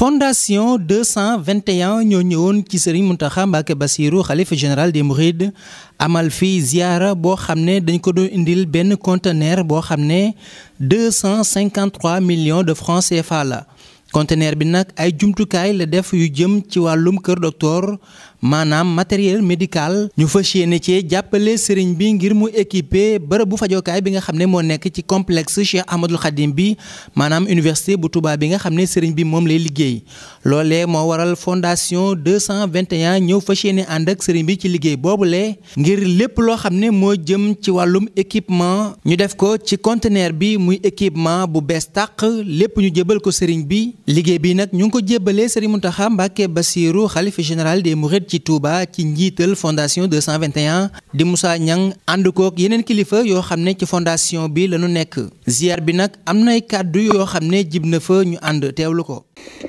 fondation 221 ñoo ñëwoon ci sëriñ Mountakha Mbacké Bassirou xalifa général des Mourides amal fii ziyaara boo xam ne dañ ko doon indil benn conteneur boo xam ne 253 millions de francs CFA la conteneur bi nag ay jumtukaay la def yu jëm ci wàllum kër docteur maanaam matériel médical ñu fas yéene cee jàppale sëriñ bi ngir mu équipé bërëb bu fajokaay bi nga xam ne moo nekk ci complexe Cheikh Ahmadul Khadim bi maanaam université bu tubaab bi nga xam ne sëriñ bi moom lay liggéey loolee moo waral fondation 221 ñëw fas yéene ànd ak sëriñ bi ci liggéey boobule ngir lépp loo xam ne moo jëm ci wàllum équipement ñu def ko ci conteneur bi muy équipement bu bees tàq lépp ñu jébal ko sëriñ bi liggéey bi nag ñu ngi ko jébalee sëriñ Mountakha Mbacké Bassirou xalifa général des mourides ci Touba ci njiital fondation 221 di Moussa Niang ànd kook yeneen kilifa yoo xam ne ci fondation bi lañu nekk ziar bi nag am nay kàddu yoo xam ne jib na fa ñu ànd teewlu ko.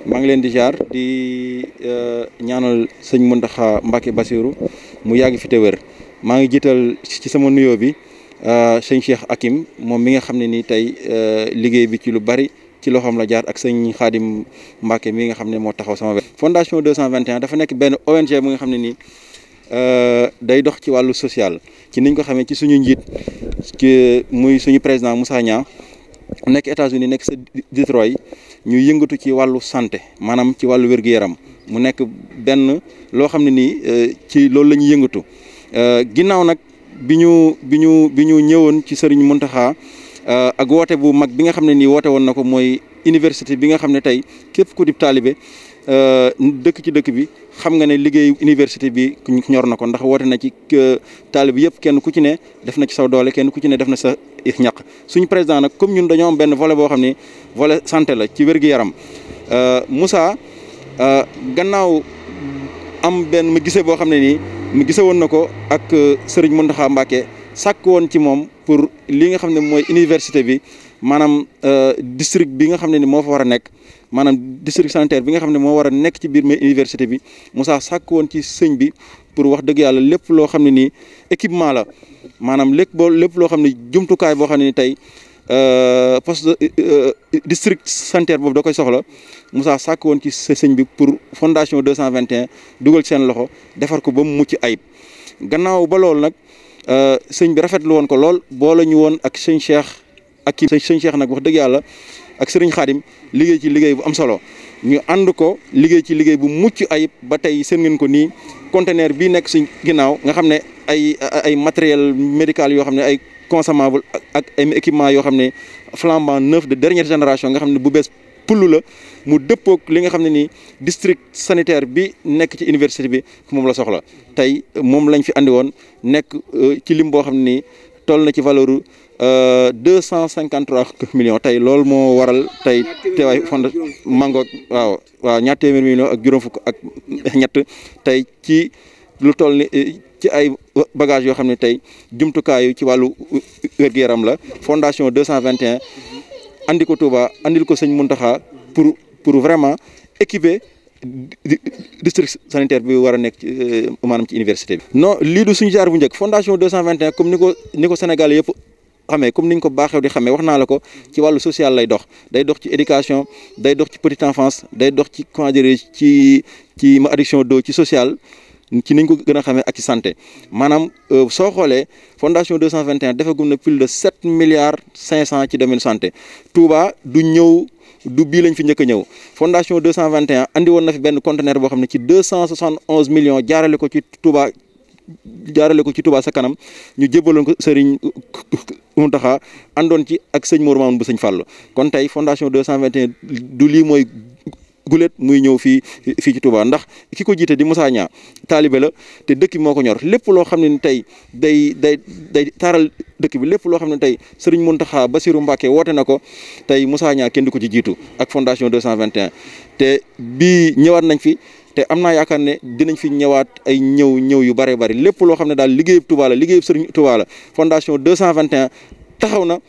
maa ngi leen di ziar di euh, ñaanal sëñ Mountakha Mbacké Bassirou mu yàgg fi te maa ngi jiital ci sama nuyoo bi euh, sëñ Cheikh Hakim moom mi nga xam ne nii tey euh, liggéey bi ci lu bari. ci loxoom la jaar ak sëñ Xaadim Mbàkke mii nga xam ne moo taxaw sama wet fondation 221 dafa nekk benn ONG mu nga xam ne nii euh, day dox ci wàllu social ci niñ ko xamee ci suñu njiit ci muy suñu président Moussa Niang nekk États-Unis nekk sa Detroit ñu yëngatu ci wàllu santé maanaam ci wàllu wér-gu-yaram mu nekk benn loo xam ne nii euh, ci loolu la ñuy yëngatu euh, ginnaaw nag bi ñu bi ñu bi ñu ñëwoon ci sëriñ Muntaxa Euh, ak woote bu mag bi nga xam ne nii woote woon na ko mooy université bi nga xam ne tey képp ku di taalibe euh, dëkk ci dëkk bi xam nga ne liggéey université bi ku ñor na ko ndax woote na ci euh, taalibe yëpp kenn ku ci ne def na ci saw doole kenn ku ci ne def na sa ñaq suñu président nag comme ñun dañoo am benn volet boo xam ne volet santé la ci wér-gu-yaram Moussa gannaaw am benn mu gisee boo xam ne nii mu gise woon na ko ak Serigne Mountakha Mbacké sàkk woon ci moom. pour li nga xam ne mooy université bi maanaam euh, district bi nga xam ne ni moo fa war a nekk maanaam district sanitaire bi nga xam ne moo war a nekk ci biir mais université bi Moussa sàkk woon ci sëñ bi pour wax dëgg yàlla lépp loo xam ne nii équipement la maanaam lépp boo lépp loo xam ne jumtukaay boo xam ne ni tey euh, poste euh, district sanitaire boobu da koy soxla Moussa sàkk woon ci sëñ bi pour fondation 221 dugal seen loxo defar ko ba mu mucc ayib gannaaw ba loolu nag. Euh, sëñ bi rafetlu woon ko lool boole ñu woon ak sëñ Cheikh ak kii sëñ Cheikh nag wax dëgg yàlla ak sëriñ Xaadim liggéey ci liggéey bu am solo ñu ànd ko liggéey ci liggéey bu mucc ayib ba tey seen ngeen ko nii conteneur bii nekk suñ ginnaaw nga xam ne ay ay matériel médical yoo xam ne ay consommable ak ay équipement yoo xam ne flambant neuf de dernière génération nga xam ne bu bees pull la mu dëppoog li nga xam ne ni district sanitaire bi nekk ci université bi moom la soxla tey moom lañ fi andi woon nekk euh, ci lim boo xam ne nii toll na ci valeur euh, deux cent cinquante trois tey lool moo waral tey teewaay fond mango waaw waaw ñaar ak juróom fukk ak ñett tey ci lu toll ni euh, ci ay bagages yoo xam ne tey jumtukaayu ci wàllu wér-gu-yaram la fondation deux cent vingt et andi ko Touba andil ko sëñ Mountakha pour pour vraiment équiper district sanitaire bi war a nekk euh, maanaam ci université bi. non lii du suñu jaar bu njëkk fondation 221 comme ni ko ni ko Sénégal yëpp xamee comme niñ ko baaxee di xamee wax naa la ko ci wàllu social lay dox day dox ci éducation day dox ci petite enfance day dox ci comment ci ci ma addiction d'eau ci sociale ci niñ ko gën a xamee ak ci santé maanaam euh, soo xoolee fondation 221 defagum na plus de 7 milliards 500 ci domaine santé Touba du ñëw du bii lañ fi njëkk ñëw fondation 221 andi woon na fi benn conteneur boo xam ne ci 271 millions jaarale ko ci Touba jaarale ko ci Touba sa kanam ñu jébaloon ko Serigne Mountakha àndoon ci ak sëñ Mourou Mamoun bu sëñ Fallou kon tey fondation 221 du lii mooy. guléet muy ñëw fii fii ci Touba ndax ki ko jiite di Moussa Niang taalibe la te dëkk bi moo ko ñor lépp loo xam ne ni tey day day day taaral dëkk bi lépp loo xam ne tey Serigne Mountakha Bassirou Mbacké woote na ko tey Moussa Niang kenn di ko ci jiitu ak fondation deux cent 221 te bii ñëwaat nañ fi te am naa yaakaar ne dinañ fi ñëwaat ay ñëw ñëw yu bare bari lépp loo xam ne daal liggéeyub Touba la liggéeyub Serigne Touba la fondation 221 taxaw na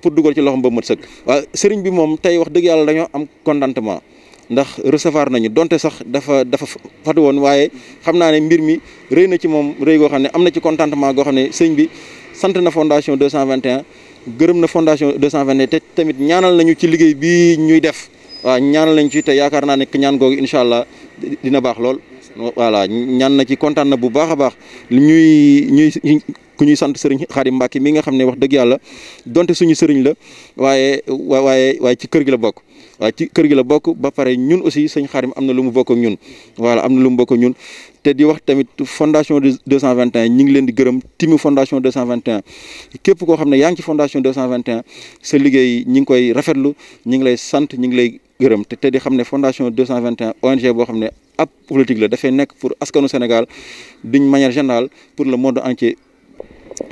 pour dugal ci loxom ba mët sëkk waaw Serigne bi moom tey wax dëgg yàlla dañoo am contentement ndax recevoir nañu donte sax dafa dafa fatu woon waaye xam naa ne mbir mi rëy na ci moom rey goo xam ne am na ci contentement goo xam ne sëñ bi sant na fondation 221 gërëm na fondation 221 te tamit ñaanal nañu ci liggéey bi ñuy def waaw ñaanal nañu ci te yaakaar naa ne ñaan googu incha allah dina baax lool voilà ñaan na ci kontaan na bu baax a baax ñuy ñuy ku ñuy sant sëriñ Xaadim Mbàkke mi nga xam ne wax dëgg yàlla donte suñu sëriñ la waaye waaye waaye ci kër gi la bokk waaye ci kër gi la bokk ba pare ñun aussi sëñ mi am na lu mu bokk ak ñun voilà am na lu mu bokk ak ñun te di wax tamit fondation 221 ñu ngi leen di gërëm timu fondation 221 képp koo xam ne yaa ngi ci fondation 221 sa liggéey ñi ngi koy rafetlu ñi ngi lay sant ñi ngi lay gërëm te te di xam ne fondation 221 ONG boo xam ne ab politique la dafay nekk pour askanu Sénégal d'une manière générale pour le monde entier.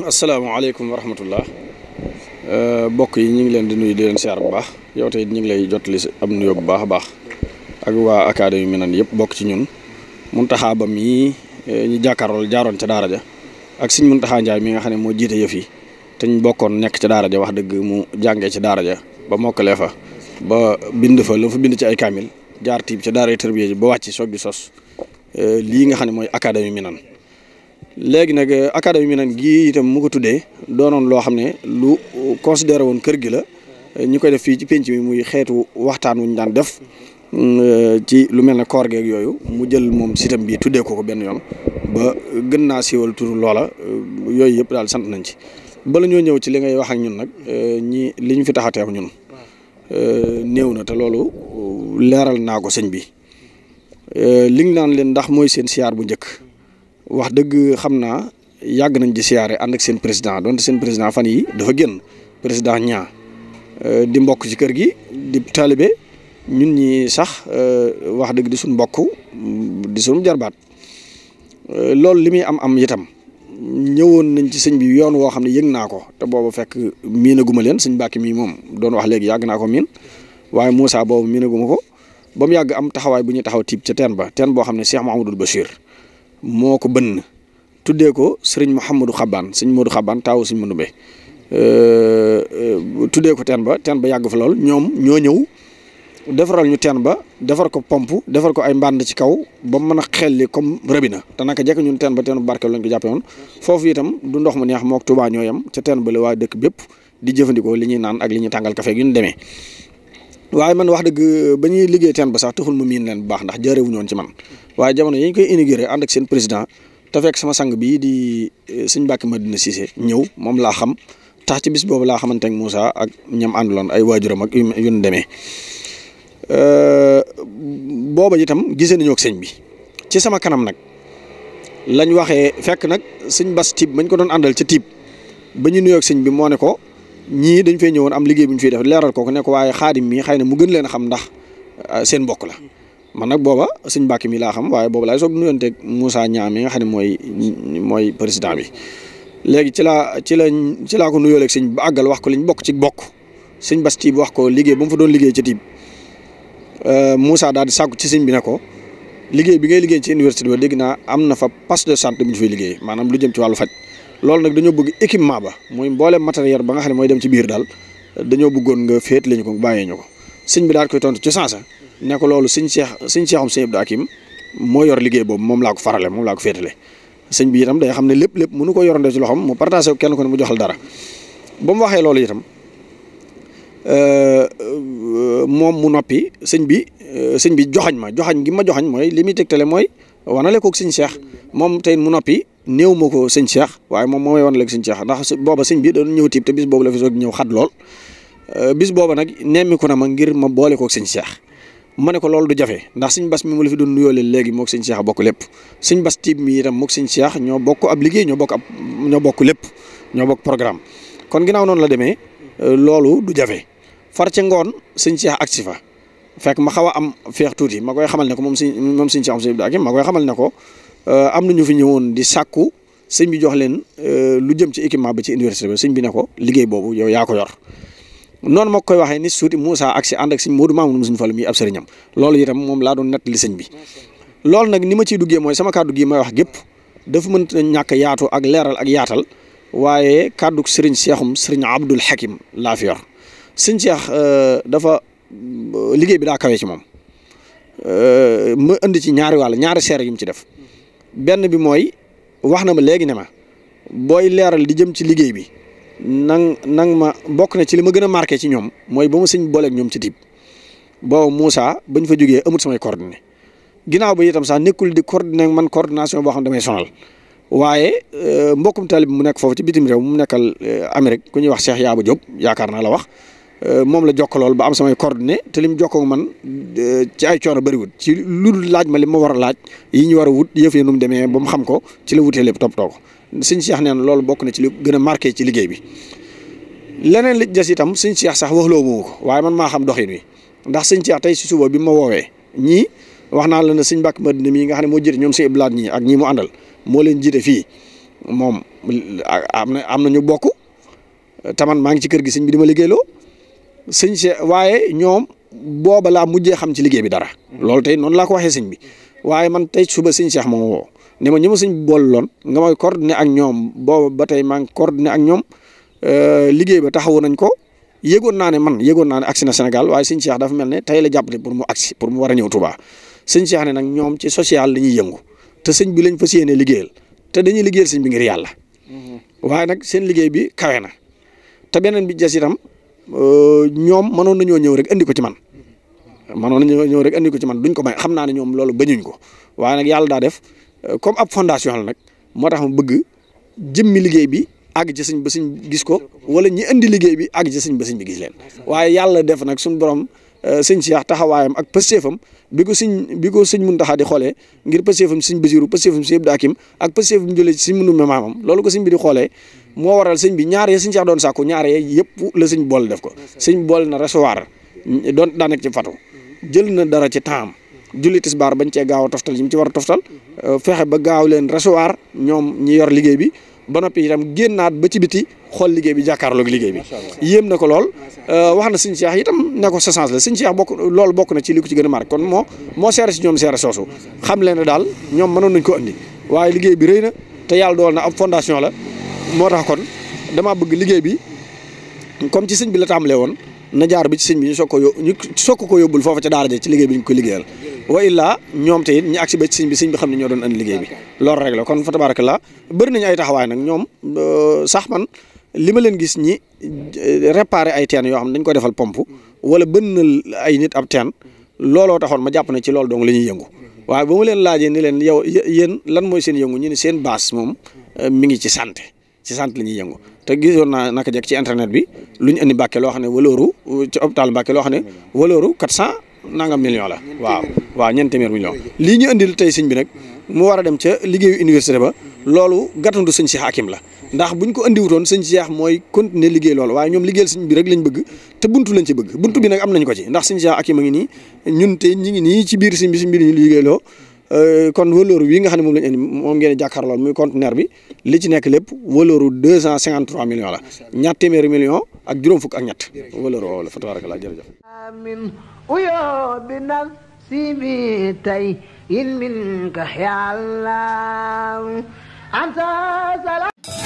asalaamaaleykum wa rahmatullah Euh, bokk yi ñu ngi leen di nuyu di leen siyaar bu baax yow tey ñu ngi lay jotali am nuyoo bu baax a baax ak waa mi nan yëpp bokk ci ñun mun taxaa Ba mii eh, ñu jàkkaarlool jaaroon ca daara ja ak Sëriñ Muntaxa Njaay mi nga xam ne moo jiite yëf yi te ñu bokkoon nekk ca daara ja wax dëgg mu jàngee ci daara ja ba mokkalee fa ba bind fa la fa bind ci ay kaamil jaar tiib ca daara tërbiye ji ba wàcc soog di sos eh, lii nga xam ne mooy mi Minane léegi nag euh, académie bi nag gii itam mu ko tuddee doonoon loo xam ne lu considéré woon kër gi la ñu koy def fii ci pénc mi muy xeetu waxtaan wu ñu daan def mm, euh, ci lu mel ne koor geek yooyu mu jël moom sitam bi tuddee ko ko benn yoon ba gën naa siiwal turu loola euh, yooyu yëpp daal sant nañ ci bala ñoo ñëw ci li ngay wax ak ñun nag ñi li ñu fi taxatee ak ñun néew na te loolu leeral naa ko sëñ bi liñ naan leen ndax mooy seen siyaar bu njëkk wax dëgg xam naa yàgg nañ di siyaare ànd ak seen président donte seen président fan yi dafa génn président ñaa euh, di mbokk ci kër gi di taalibe ñun ñi sax euh, wax dëgg di suñ mbokk di suñ jarbaat euh, loolu li muy am am itam ñëwoon nañ ci sëñ bi yoon woo xam ne yëg naa ko te boobu fekk miinaguma leen sëñ Mbàkke mii moom doon wax léegi yàgg naa ko miin waaye Moussa boobu miinaguma ko ba mu yàgg am taxawaay bu ñuy taxaw tiib ca teen ba teen boo xam ne Cheikh Mahamadul Bachir moo ko bënn tuddee ko sëriñ Mouhamadou Xabaan sëñ Modou Xabaan taawu sëñ Mandumbe euh, tuddee ko teen ba teen ba yàgg fa lool ñoom ñoo ñëw defaral ñu teen ba defar ko pompe defar ko ay mbànd ci kaw ba mën a xelli comme rëbina te naka jekk ñun teen ba teenu barke lañ ko jàppe woon foofu itam du ndox mu neex moo Tuubaa ñoo yam ca teen ba la waa dëkk bépp di jëfandikoo li ñuy naan ak li ñuy tàngal kafe gi ñu demee waaye man wax dëgg ba ñuy liggéey teen ba sax taxul mu miin leen bu baax ndax jaarewuñu woon ci man waaye jamono yi ñu koy inauguré ànd ak seen président te fekk sama sang bii di eh, sëñ Mbàkke Madina Cissé ñëw moom laa xam tax ci bis boobu laa xamante ak Moussa ak ñam ànduloon ay waajuram ak yu ñu demee eh, booba itam gisee nañoo ak sëñ bi ci sama kanam nag lañ waxee fekk nag sëñ Bas Tiib mañ ko doon àndal ca Tiib ba ñu nuyoo ak sëñ bi moo ne ko. ñii dañ fay ñëwoon am liggéey bu ñu fiy def leeral kooku ne ko waaye xaadim mii xay na mu gën leen a xam ndax euh, seen mbokk la man nag booba sëñ Mbàkke mi laa xam waaye booba laay soog nuyonteeg Moussa Niang mi nga xam ne mooy mooy président bi léegi ci laa ci la ci laa ko nuyooleeg sëñ ba wax ko liñ bokk ci bokk sëñ Bas Tiib wax ko liggéey ba fa doon liggéey ci Tiib euh, Moussa daal di sàkku ci sëñ bi nekko ko liggéey bi ngay liggéey ci université ba dégg naa am na fa passe de santé bu ñu fay liggéey maanaam lu jëm ci wàllu faj loolu nag dañoo bëgg équipement ba mooy mboolem matériel ba nga xam ne mooy dem ci biir daal dañoo bëggoon nga féet lañu ko bàyyee ñu ko sëñ bi daal koy tontu ci sansa ne ko loolu sëñ seex sëñ seexum sëñ Abdou Hakim moo yor liggéey boobu moom laa ko farale moom laa ko féetale sëñ bi itam day xam ne lépp lépp mënu ko yorandee ci loxoom mu partagé ko kenn ko ne mu joxal dara ba mu waxee loolu itam euh, moom mu noppi sëñ bi euh, sëñ bi joxañ ma joxañ ngi ma joxañ mooy li muy tegtale mooy wanale kook sëñ seex moom tey mu noppi néew ko sëñ Cheikh waaye moom moom may wan léegi sëñ Cheikh ndax booba sëñ bi doon ñëw tiib te bis boobu la fi soog ñëw xat lool euh, bis booba nag nemmiku na ma ngir ma boole koog sëñ Cheikh ma ne ko loolu du jafe ndax sëñ Bass mi la fi doon nuyoo leen léegi moog sëñ Cheikh bokk lépp sëñ Bass tiib mi itam moog sëñ ñoo bokk ab liggéey ñoo bokk ab bokk lépp ñoo bokk programme kon ginnaaw noonu la demee euh, loolu du jafe far ci ngoon sëñ Cheikh ak fa fekk ma xaw a am feex tuuti ma koy xamal ne ko moom sëñ moom sëñ Cheikh am sëñ Abdou Akim ma koy xamal ne ko Euh, am na ñu fi ñëwoon di sàkku sëñ bi jox leen euh, lu jëm ci équipement bi ci université ba sëñ bi ne ko liggéey boobu yow yaa ko yor noonu mook koy waxee ni suuti Moussa ak si ànd ak sëñ Modou Mamoun mu mi ab sëriñam loolu itam moom laa doon nettali sëñ bi loolu nag ni ma ciy duggee mooy sama kàddu gi may wax gépp dafa mënta ñàkk yaatu ak leeral ak yaatal waaye kàddu sëriñ Seexum sëriñ Abdul Hakim laa fi yor sëñ Seex euh, dafa liggéey bi daa kawee ci moom ma indi ci ñaari wàll ñaari seere yu mu ci def benn bi mooy wax na ma léegi ne ma booy leeral di jëm ci liggéey bi nang nang ma bokk na ci li ma gën a marqué ci ñoom mooy ba mu sëñ booleek ñoom ci tiib boobu Moussa bañ fa jógee amut samay coordonnées ginnaaw bi itam sax nekkul di coordonné man coordination boo xam damay sonal waaye euh, mbokkum taalib mu nekk foofu ci bitim réew mu nekkal euh, Amérique ku ñuy wax Cheikh Yaaba jóg yaakaar naa la wax Euh, moom la jokkalool ba am samay coordonnées te mu jokkoo man euh, ci ay coono bëriwut ci lu laaj ma li ma war a laaj yi ñu war a wut yëf yi nu mu demee ba mu xam ko ci la wutee lépp toppatoo ko sëñ Cheikh nee na loolu bokk na ci li gën a marqué ci liggéey bi. leneen li itam sëñ Cheikh sax waxloo moomu waaye man maa xam doxin wi ndax sëñ Cheikh tey si suba bi ma woowee ñii wax naa la ne sëñ Mbàkke Madina mii nga xam ne moo jiite ñoom sëñ Iblaat ñii ak ñii mu àndal moo leen jiite fii moom am na am na ñu maa ngi ci kër gi sëñ bi di ma liggéeyloo sëñ Cheikh waaye ñoom booba laa mujjee xam ci liggéey bi dara. loolu tey noonu laa ko waxee sëñ bi waaye man tey suba sëñ Cheikh moom woo ne ma ñi ma sëñ bool loon nga may coordonné ak ñoom booba ba tey maa ngi ak ñoom euh, liggéey ba taxawu nañ ko yëgoon naa ne man yëgoon naa ne agsi na Sénégal waaye sëñ Cheikh dafa mel ne tey la jàppale pour mu agsi pour mu war a ñëw Touba sëñ Cheikh ne nag ñoom ci social la ñuy yëngu te sëñ bi lañ fas yéene liggéeyal te dañuy liggéeyal sëñ bi ngir yàlla. Mm-hmm. waaye liggéey bi kawe na te beneen bi des Euh, ñoom mënoon nañoo ñëw rek indi ko ci man mënoon nañoo ñëw rek indi ko ci man duñ ko may xam naa ne ñoom loolu bañuñ ko waaye nag yàlla daa def euh, comme ab fondation la nag moo tax ma bëgg jëmmi liggéey bi àgg ci sëñ ba sëñ gis ko wala ñu indi liggéey bi àgg ci sëñ ba sëñ bi gis leen waaye yàlla def nag suñu borom. Eh, sëñ Cheikh taxawaayam ak pëstéefam bi ko sëñ bi ko sëñ Muntaxa di xoolee ngir pëstéefam sëñ Basiru pëstéefam sëñ Abdu Hakim ak pëstéefam jëlee loolu ko sëñ bi di xoolee moo waral sëñ bi ñaar ya sëñ Cheikh doon sàkku ñaar ya yëpp la sëñ boole def ko sëñ boole na recevoir doon daa ci fatu jël na dara ci temps julli tisbaar bañ cee gaaw a toftal yi mu ci war a toftal mhm. eh, fexe ba gaaw leen recevoir ñoom ñi yor liggéey bi ba noppi itam génnaat ba ci biti xool liggéey bi jàkkaarloog liggéey bi yéem na ko lool euh, wax na sëñ Cheikh itam ne ko sa chance bokk loolu bokk na ci li ko ci gën a marqué kon moo moo seere si ñoom seere soosu xam leen ne daal ñoom manoon nañ ko andi waaye liggéey bi rëy na te yàlla dool na ab fondation la moo tax kon damaa bëgg liggéey bi comme ci sëñ bi la tàmbalee woon na jaar bi ci sëñ bi ñu soog ko yó ñu ko yóbbul foofa ca daara ja ci liggéey bi ñu ko liggéeyal wa illaa ñoom te it ñu agsi ba siñ sëñ bi sëñ bi xam ne ñoo doon andi liggéey bi loolu rek la kon fa la bëri nañu ay taxawaay nag ñoom euh, sax man li ma leen gis ñi euh, réparé ay teen yoo xam ne dañ ko defal pomp wala bënnal ay nit ab teen looloo taxoon ma jàpp na ci loolu dong la ñuy yëngu waaye ba ma leen laajee ni leen yow yéen lan mooy seen yëngu ñu ni seen baas moom euh, mi ngi ci santé ci sante la ñuy yëngu te gisoon naa naka jekk ci internet bi lu ñu indi Mbàkke loo xam ne walooru ci hôpital Mbàkke loo xam ne walooru quatre cent nangam million la waaw waaw ñeenti téeméer million lii ñu indil tey sëñ bi nag mu war a dem ca liggéeyu université ba mhm. loolu gàttandu sëñ si Hakim la mhm. ndax buñ ko indiwutoon sëñ Cheikh mooy continuer liggéey loolu waaye ñoom liggéeyal sëñ bi rek lañ bëgg te buntu lañ ci bëgg buntu bi mhm. nag am nañ ko ci ndax sëñ Cheikh Hakim a ngi nii ñun tey ñi ngi nii ci biir sëñ bi sëñ bi lañu liggéeyloo Euh, kon valeur bii nga xam ne moom lañ indi moom ngeen jàkkaarloo muy conteneur bi li ci nekk lépp valeur bu deux cent cinquante trois la ñaar téeméeri ak juróom fukk ak ñett valeur woowu la fa tabarakallah jërëjëf amin uyo bi nafsi bi tay in minka ya allah anta